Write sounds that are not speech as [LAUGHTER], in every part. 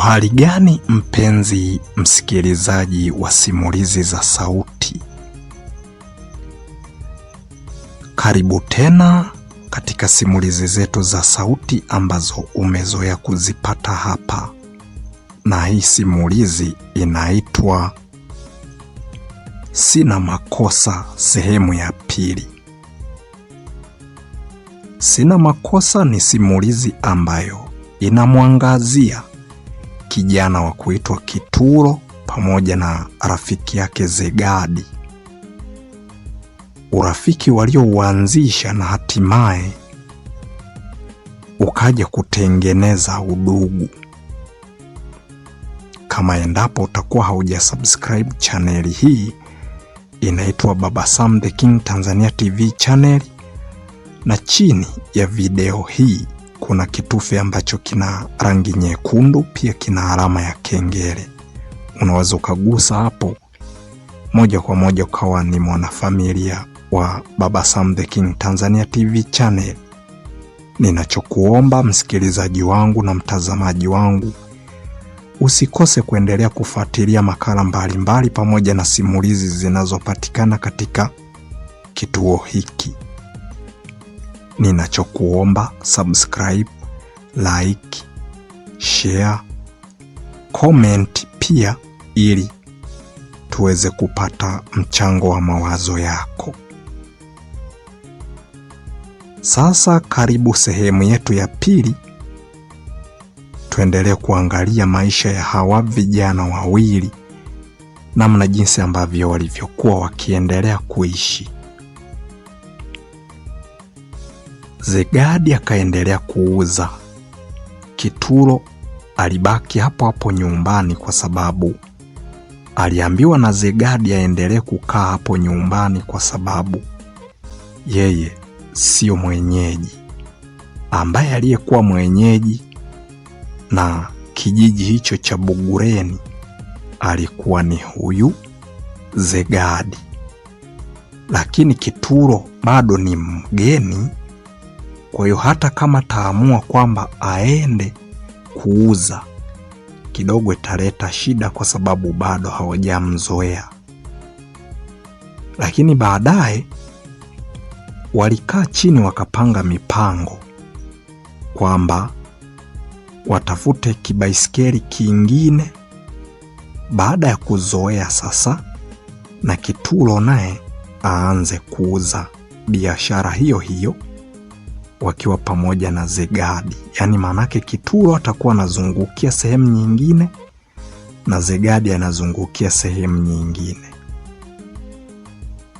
Uhali gani mpenzi msikilizaji wa simulizi za sauti, karibu tena katika simulizi zetu za sauti ambazo umezoea kuzipata hapa, na hii simulizi inaitwa Sina Makosa sehemu ya pili. Sina Makosa ni simulizi ambayo inamwangazia kijana wa kuitwa Kituro pamoja na rafiki yake Zegadi. Urafiki waliouanzisha na hatimaye ukaja kutengeneza udugu. Kama endapo utakuwa haujasubscribe chaneli hii, inaitwa Baba Sam The King Tanzania TV channel, na chini ya video hii kuna kitufe ambacho kina rangi nyekundu, pia kina alama ya kengele. Unaweza ukagusa hapo moja kwa moja ukawa ni mwanafamilia wa Baba Sam the King Tanzania TV channel. Ninachokuomba msikilizaji wangu na mtazamaji wangu, usikose kuendelea kufuatilia makala mbalimbali pamoja na simulizi zinazopatikana katika kituo hiki ninachokuomba subscribe, like, share, comment pia ili tuweze kupata mchango wa mawazo yako. Sasa karibu sehemu yetu ya pili, tuendelee kuangalia maisha ya hawa vijana wawili, namna jinsi ambavyo walivyokuwa wakiendelea kuishi. Zegadi akaendelea kuuza. Kituro alibaki hapo hapo nyumbani kwa sababu aliambiwa na Zegadi aendelee kukaa hapo nyumbani kwa sababu yeye sio mwenyeji, ambaye aliyekuwa mwenyeji na kijiji hicho cha Bugureni alikuwa ni huyu Zegadi, lakini Kituro bado ni mgeni kwa hiyo hata kama taamua kwamba aende kuuza kidogo, italeta shida kwa sababu bado hawajamzoea. Lakini baadaye walikaa chini wakapanga mipango kwamba watafute kibaiskeli kingine baada ya kuzoea sasa, na Kitulo naye aanze kuuza biashara hiyo hiyo wakiwa pamoja na Zegadi. Yaani maanake Kituro atakuwa anazungukia sehemu nyingine na Zegadi anazungukia sehemu nyingine,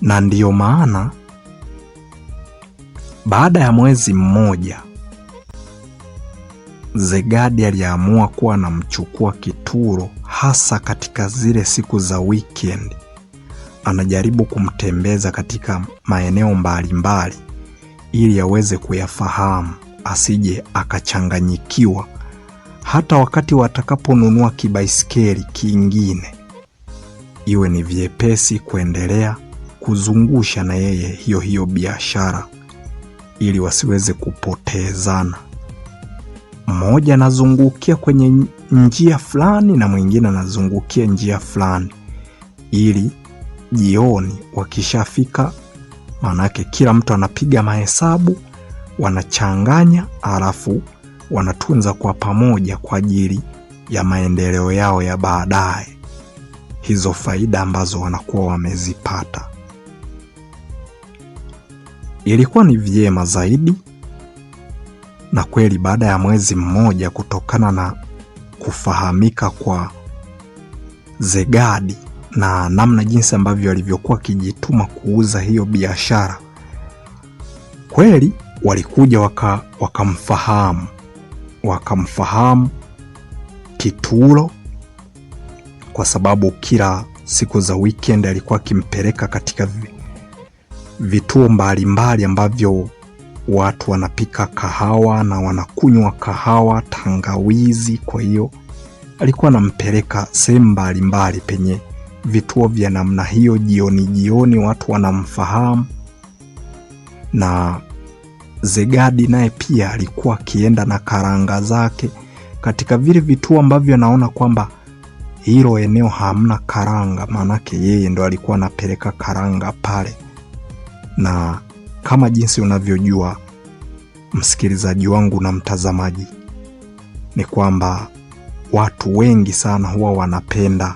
na ndiyo maana baada ya mwezi mmoja Zegadi aliamua kuwa anamchukua Kituro hasa katika zile siku za weekend, anajaribu kumtembeza katika maeneo mbalimbali mbali ili aweze kuyafahamu asije akachanganyikiwa hata wakati watakaponunua kibaiskeli kingine, iwe ni vyepesi kuendelea kuzungusha na yeye hiyo hiyo biashara ili wasiweze kupotezana. Mmoja anazungukia kwenye njia fulani na mwingine anazungukia njia fulani, ili jioni wakishafika maanake kila mtu anapiga mahesabu, wanachanganya, alafu wanatunza kwa pamoja kwa ajili ya maendeleo yao ya baadaye, hizo faida ambazo wanakuwa wamezipata. Ilikuwa ni vyema zaidi, na kweli baada ya mwezi mmoja, kutokana na kufahamika kwa Zegadi na namna jinsi ambavyo walivyokuwa wakijituma kuuza hiyo biashara. Kweli walikuja waka wakamfahamu wakamfahamu Kitulo kwa sababu kila siku za weekend alikuwa akimpeleka katika vituo mbalimbali mbali ambavyo watu wanapika kahawa na wanakunywa kahawa tangawizi. Kwa hiyo alikuwa anampeleka sehemu mbalimbali penye vituo vya namna hiyo, jioni jioni watu wanamfahamu. Na Zegadi naye pia alikuwa akienda na karanga zake katika vile vituo ambavyo naona kwamba hilo eneo hamna karanga, maanake yeye ndo alikuwa anapeleka karanga pale. Na kama jinsi unavyojua msikilizaji wangu na mtazamaji, ni kwamba watu wengi sana huwa wanapenda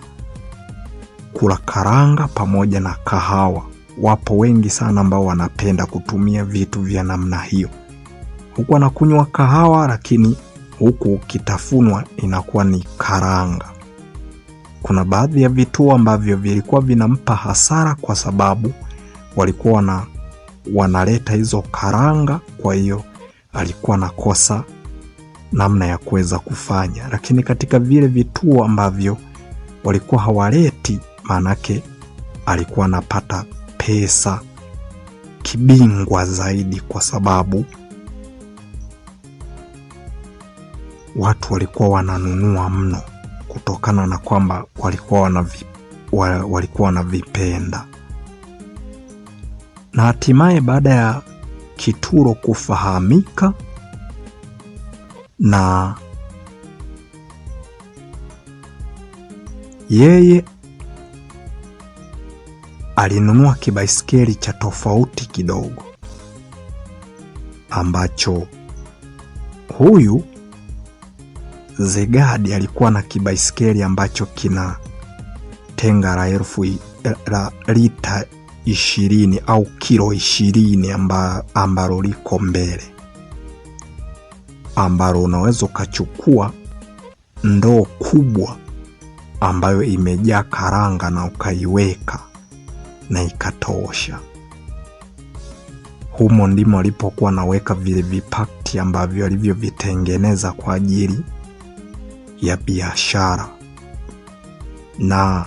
kula karanga pamoja na kahawa. Wapo wengi sana ambao wanapenda kutumia vitu vya namna hiyo, huku anakunywa kahawa, lakini huku ukitafunwa inakuwa ni karanga. Kuna baadhi ya vituo ambavyo vilikuwa vinampa hasara kwa sababu walikuwa wana, wanaleta hizo karanga, kwa hiyo alikuwa nakosa namna ya kuweza kufanya. Lakini katika vile vituo ambavyo walikuwa hawaleti maanake alikuwa anapata pesa kibingwa zaidi, kwa sababu watu walikuwa wananunua mno kutokana na kwamba walikuwa wanavi, walikuwa wanavipenda na hatimaye baada ya Kituro kufahamika na yeye alinunua kibaiskeli cha tofauti kidogo ambacho huyu Zegadi alikuwa na kibaiskeli ambacho kina tenga la elfu la lita ishirini au kilo ishirini amba, ambalo liko mbele ambalo unaweza ukachukua ndoo kubwa ambayo imejaa karanga na ukaiweka na ikatosha. Humo ndimo alipokuwa naweka vile vipakti ambavyo alivyovitengeneza kwa ajili ya biashara, na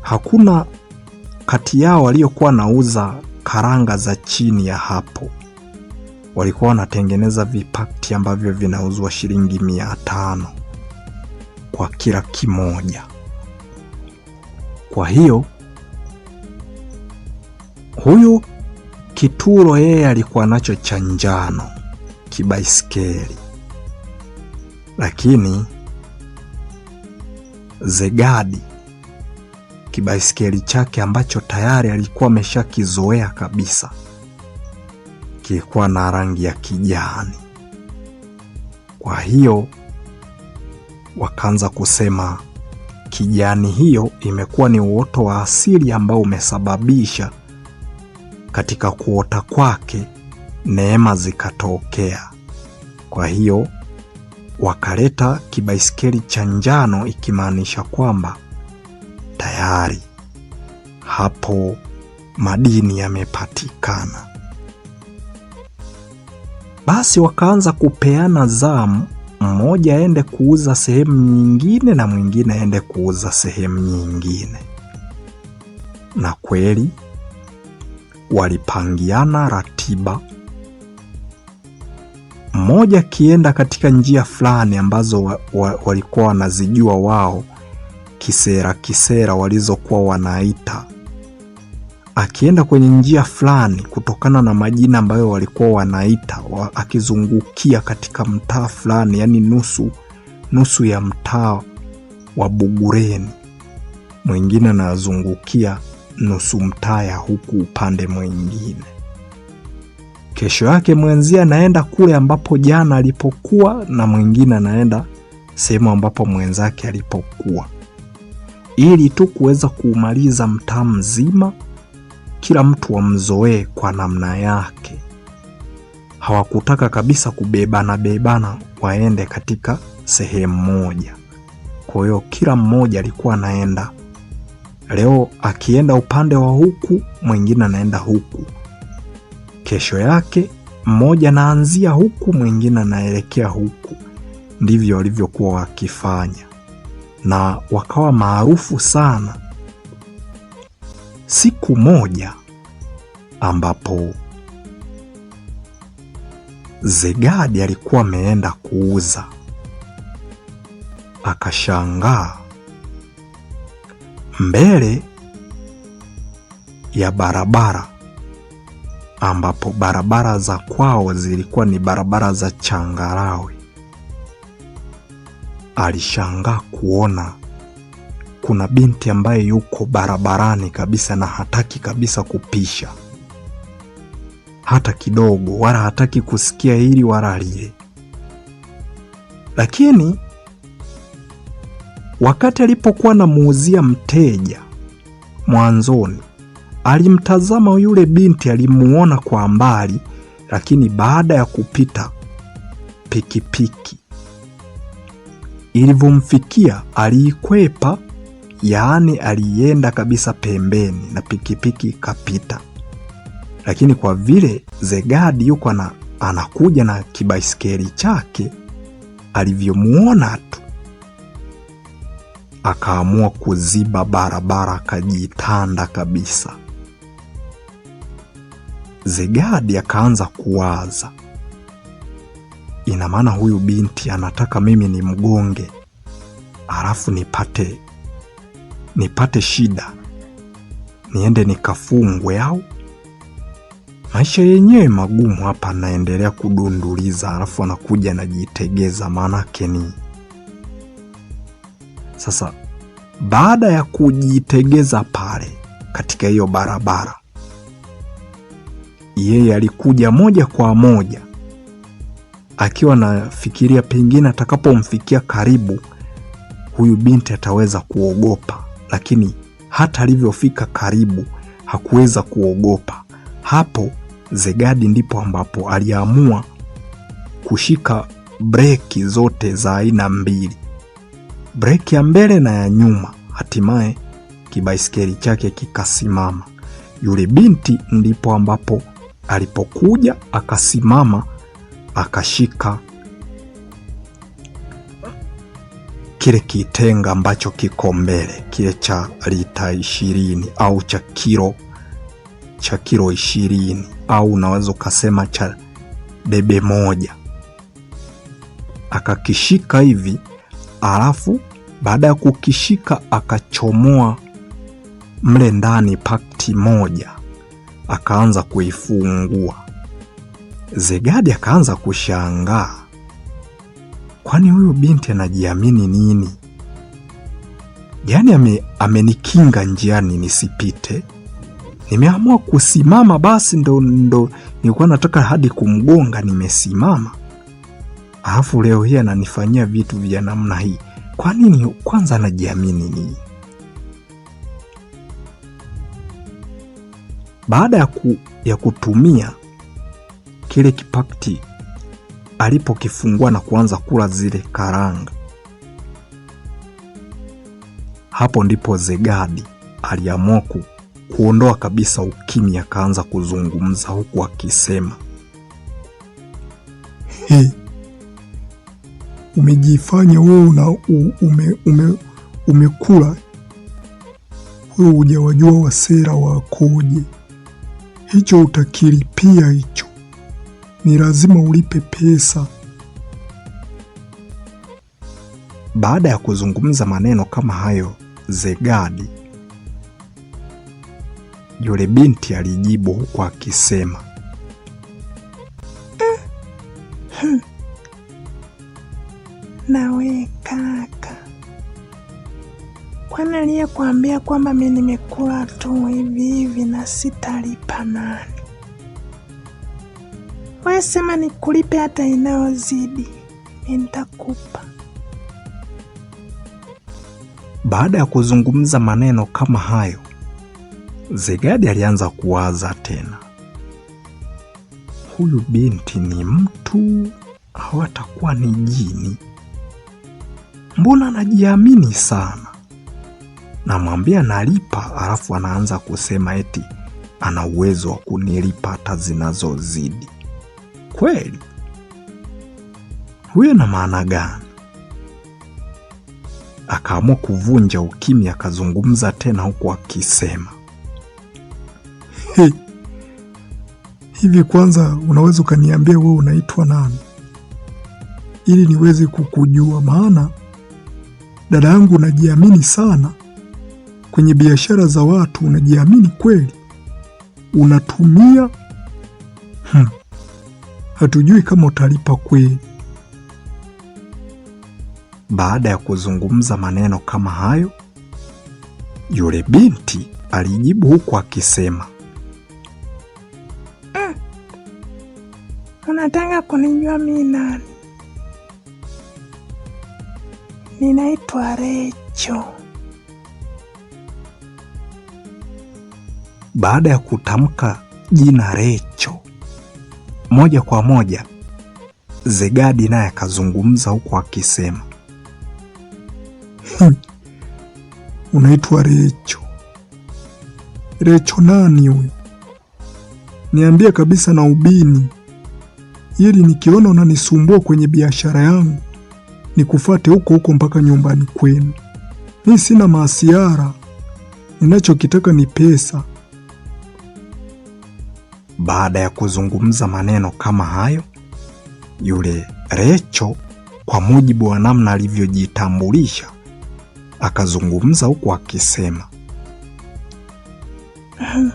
hakuna kati yao waliokuwa nauza karanga za chini ya hapo. Walikuwa wanatengeneza vipakti ambavyo vinauzwa shilingi mia tano kwa kila kimoja. Kwa hiyo Huyu Kituro yeye alikuwa nacho cha njano kibaiskeli, lakini Zegadi kibaiskeli chake ambacho tayari alikuwa ameshakizoea kabisa kilikuwa na rangi ya kijani. Kwa hiyo wakaanza kusema kijani hiyo imekuwa ni uoto wa asili ambao umesababisha katika kuota kwake neema zikatokea. Kwa hiyo wakaleta kibaisikeli cha njano, ikimaanisha kwamba tayari hapo madini yamepatikana. Basi wakaanza kupeana zamu, mmoja aende kuuza sehemu nyingine na mwingine aende kuuza sehemu nyingine, na kweli walipangiana ratiba, mmoja akienda katika njia fulani ambazo wa, wa, walikuwa wanazijua wao kisera kisera walizokuwa wanaita, akienda kwenye njia fulani kutokana na majina ambayo walikuwa wanaita wa, akizungukia katika mtaa fulani, yaani nusu nusu ya mtaa wa Bugureni, mwingine anazungukia nusu mtaya huku upande mwingine. Kesho yake mwenzia anaenda kule ambapo jana alipokuwa, na mwingine anaenda sehemu ambapo mwenzake alipokuwa, ili tu kuweza kuumaliza mtaa mzima, kila mtu amzoee kwa namna yake. Hawakutaka kabisa kubebana bebana waende katika sehemu moja. Kwa hiyo kila mmoja alikuwa anaenda Leo akienda upande wa huku, mwingine anaenda huku. Kesho yake mmoja anaanzia huku, mwingine anaelekea huku. Ndivyo walivyokuwa wakifanya na wakawa maarufu sana. Siku moja ambapo Zegadi alikuwa ameenda kuuza, akashangaa mbele ya barabara ambapo barabara za kwao zilikuwa ni barabara za changarawe. Alishangaa kuona kuna binti ambaye yuko barabarani kabisa na hataki kabisa kupisha hata kidogo, wala hataki kusikia hili wala lile, lakini Wakati alipokuwa namuuzia mteja mwanzoni, alimtazama yule binti, alimuona kwa mbali, lakini baada ya kupita pikipiki ilivyomfikia aliikwepa, yaani alienda kabisa pembeni na pikipiki ikapita. Lakini kwa vile Zegadi yuko na anakuja na kibaisikeli chake, alivyomuona tu akaamua kuziba barabara akajitanda kabisa. Zegadi akaanza kuwaza, ina maana huyu binti anataka mimi ni mgonge halafu nipate nipate shida niende nikafungwe, au maisha yenyewe magumu hapa, naendelea kudunduliza, alafu anakuja anajitegeza, maanake ni sasa baada ya kujitegeza pale katika hiyo barabara, yeye alikuja moja kwa moja akiwa nafikiria pengine atakapomfikia karibu huyu binti ataweza kuogopa, lakini hata alivyofika karibu hakuweza kuogopa. Hapo Zegadi ndipo ambapo aliamua kushika breki zote za aina mbili, breki ya mbele na ya nyuma. Hatimaye kibaisikeli chake kikasimama. Yule binti ndipo ambapo alipokuja akasimama, akashika kile kitenga ambacho kiko mbele, kile cha lita ishirini au cha kilo cha kilo ishirini au unaweza ukasema cha debe moja, akakishika hivi alafu baada ya kukishika akachomoa mle ndani pakti moja, akaanza kuifungua. Zegadi akaanza kushangaa, kwani huyu binti anajiamini nini? Yaani ame, amenikinga njiani nisipite, nimeamua kusimama basi, ndo, ndo nilikuwa nataka hadi kumgonga, nimesimama alafu leo hii ananifanyia vitu vya namna hii. Kwa nini? Kwanza anajiamini nini? Baada ya, ku, ya kutumia kile kipakti alipokifungua na kuanza kula zile karanga, hapo ndipo Zegadi aliamua kuondoa kabisa ukimya, akaanza kuzungumza huku akisema umejifanya wewe una ume, ume, umekula wewe, hujawajua wasera wakoje. Hicho utakilipia, hicho ni lazima ulipe pesa. Baada ya kuzungumza maneno kama hayo, Zegadi yule binti alijibu huku akisema ya kwamba mi nimekula tu hivi hivi na sitalipa nani? Wewe sema nikulipe hata inayozidi, nitakupa. Baada ya kuzungumza maneno kama hayo, Zegadi alianza kuwaza tena, huyu binti ni mtu au atakuwa ni jini? Mbona anajiamini sana? namwambia nalipa, alafu anaanza kusema eti ana uwezo wa kunilipa hata zinazozidi. Kweli huyo na maana gani? Akaamua kuvunja ukimya, akazungumza tena huku akisema hivi, kwanza unaweza ukaniambia wewe unaitwa nani ili niweze kukujua? Maana dada yangu, najiamini sana kwenye biashara za watu unajiamini kweli? Unatumia hmm. Hatujui kama utalipa kweli. Baada ya kuzungumza maneno kama hayo, yule binti alijibu huku akisema mm, unataka kunijua mimi nani? Ninaitwa Recho. baada ya kutamka jina Recho moja kwa moja, Zegadi naye akazungumza huku akisema, unaitwa Recho? Recho nani huyu? Niambie kabisa na ubini, ili nikiona unanisumbua kwenye biashara yangu nikufate huko huko mpaka nyumbani kwenu. Mi sina maasiara, ninachokitaka ni pesa baada ya kuzungumza maneno kama hayo, yule Recho, kwa mujibu wa namna alivyojitambulisha, akazungumza huku akisema [CLEARS THROAT]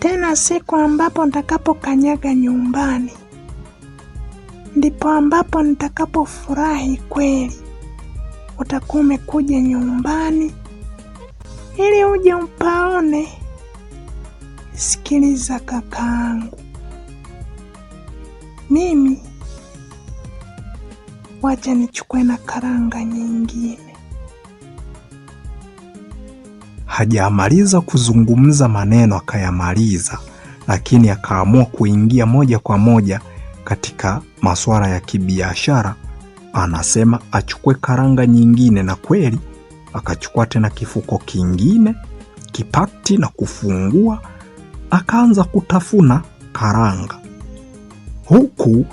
tena siku ambapo ntakapokanyaga nyumbani ndipo ambapo nitakapofurahi kweli. Utakuwa umekuja nyumbani ili uje upaone Sikiliza kakaangu, mimi wacha nichukue na karanga nyingine. Hajamaliza kuzungumza maneno akayamaliza, lakini akaamua kuingia moja kwa moja katika masuala ya kibiashara. Anasema achukue karanga nyingine, na kweli akachukua tena kifuko kingine kipakti na kufungua akaanza kutafuna karanga, huku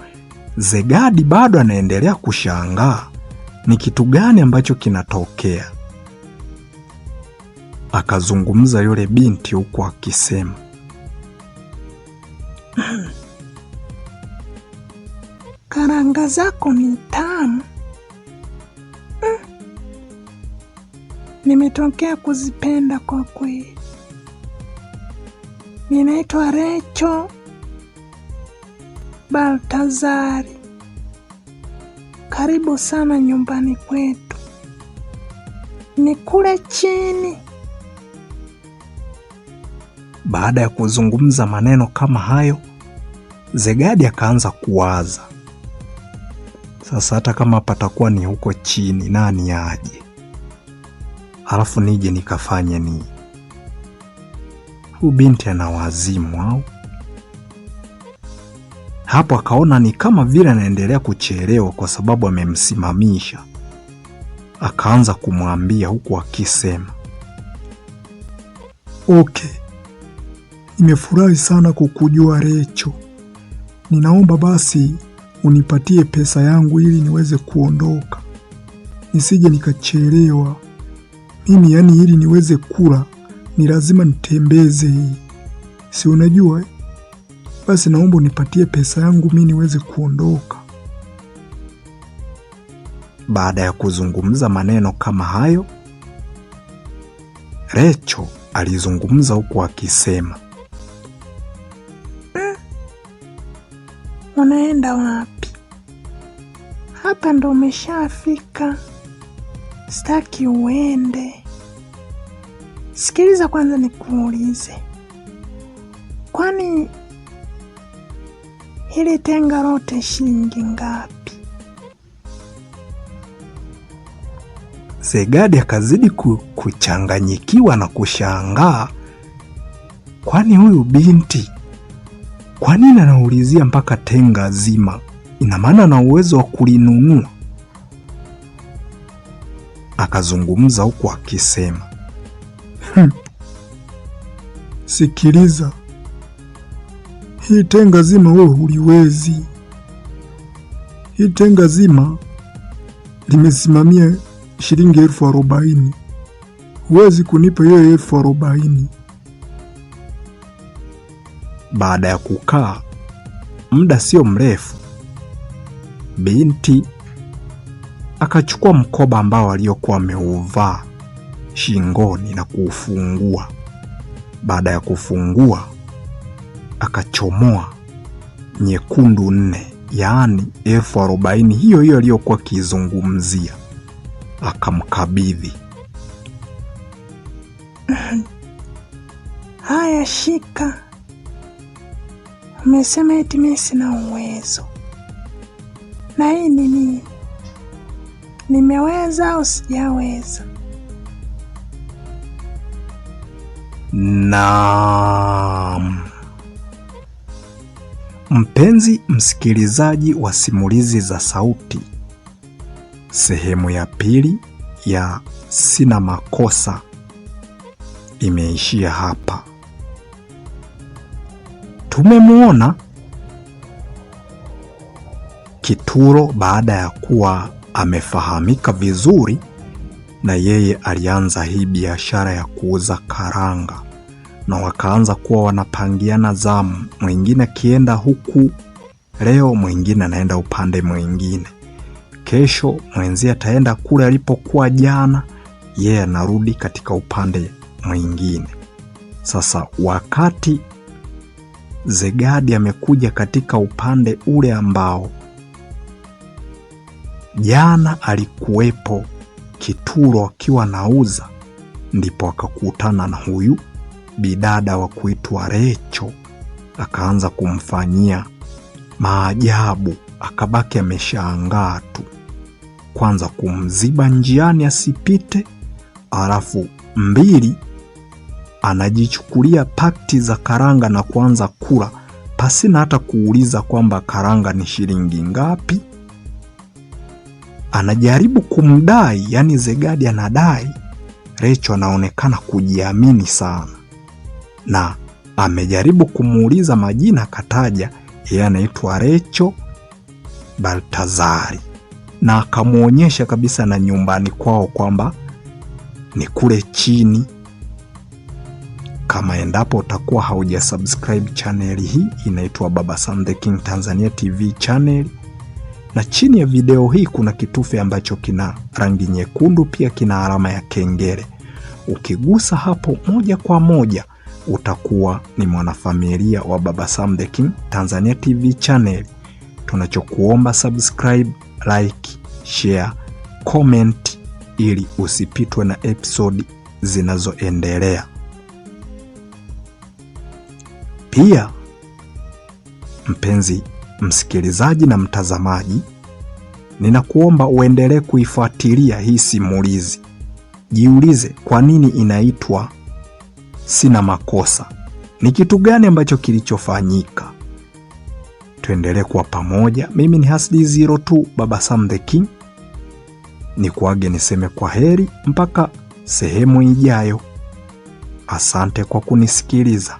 Zegadi bado anaendelea kushangaa ni kitu gani ambacho kinatokea. Akazungumza yule binti huku akisema, [CLEARS THROAT] karanga zako ni tamu, [CLEARS THROAT] nimetokea kuzipenda kwa kweli. Ninaitwa Recho Baltazari. Karibu sana nyumbani kwetu. Ni kule chini. Baada ya kuzungumza maneno kama hayo, Zegadi akaanza kuwaza. Sasa hata kama patakuwa ni huko chini, nani aje? Halafu nije nikafanye nini? huu binti ana wazimu au? Hapo akaona ni kama vile anaendelea kuchelewa kwa sababu amemsimamisha. Akaanza kumwambia huku akisema, ok nimefurahi sana kukujua Recho, ninaomba basi unipatie pesa yangu ili niweze kuondoka nisije nikachelewa mimi, yani ili niweze kula ni lazima nitembeze si unajua eh? Basi naomba nipatie pesa yangu mi niweze kuondoka. Baada ya kuzungumza maneno kama hayo, Recho alizungumza huku akisema mm, unaenda wapi? Hapa ndo umeshafika, sitaki uende. Sikiliza kwanza nikuulize, kwani hili tenga lote shilingi ngapi? Segadi akazidi kuchanganyikiwa na kushangaa, kwani huyu binti kwa nini anaulizia mpaka tenga zima? Ina maana ana uwezo wa kulinunua. Akazungumza huku akisema Hmm. Sikiliza. Hii tenga zima wewe huliwezi. Hii tenga zima limesimamia shilingi elfu arobaini. Huwezi kunipa hiyo elfu arobaini. Baada ya kukaa muda sio mrefu, binti akachukua mkoba ambao aliyokuwa ameuvaa shingoni na kuufungua. Baada ya kufungua, akachomoa nyekundu nne, yaani elfu arobaini hiyo hiyo aliyokuwa akiizungumzia, akamkabidhi. [CLEARS THROAT] Haya, shika. Amesema eti mimi sina uwezo, na hii ni nini? Nimeweza au sijaweza? na mpenzi msikilizaji wa simulizi za sauti, sehemu ya pili ya Sina Makosa imeishia hapa. Tumemwona Kituro baada ya kuwa amefahamika vizuri na yeye alianza hii biashara ya kuuza karanga na wakaanza kuwa wanapangiana zamu, mwingine akienda huku leo, mwingine anaenda upande mwingine, kesho mwenzie ataenda kule alipokuwa jana, yeye yeah, anarudi katika upande mwingine. Sasa wakati Zegadi amekuja katika upande ule ambao jana alikuwepo Kituro akiwa nauza, ndipo akakutana na huyu bidada wa kuitwa Recho akaanza kumfanyia maajabu, akabaki ameshangaa tu. Kwanza kumziba njiani asipite, alafu mbili anajichukulia pakti za karanga na kuanza kula pasina hata kuuliza kwamba karanga ni shilingi ngapi. Anajaribu kumdai, yani Zegadi anadai. Recho anaonekana kujiamini sana, na amejaribu kumuuliza majina akataja yeye anaitwa Recho Baltazari, na akamwonyesha kabisa na nyumbani kwao kwamba ni kule chini. Kama endapo utakuwa subscribe chaneli hii inaitwa Baba Sam The King Tanzania TV channel, na chini ya video hii kuna kitufe ambacho kina rangi nyekundu, pia kina alama ya kengele. Ukigusa hapo moja kwa moja utakuwa ni mwanafamilia wa Baba Sam the King Tanzania TV channel. Tunachokuomba subscribe, like, share, comment ili usipitwe na episodi zinazoendelea. Pia mpenzi msikilizaji na mtazamaji, ninakuomba uendelee kuifuatilia hii simulizi. Jiulize kwa nini inaitwa sina makosa. Ni kitu gani ambacho kilichofanyika? Tuendelee kuwa pamoja. Mimi ni Hasdi Zero tu, Baba Sam the King. Ni kuage niseme kwa heri mpaka sehemu ijayo. Asante kwa kunisikiliza.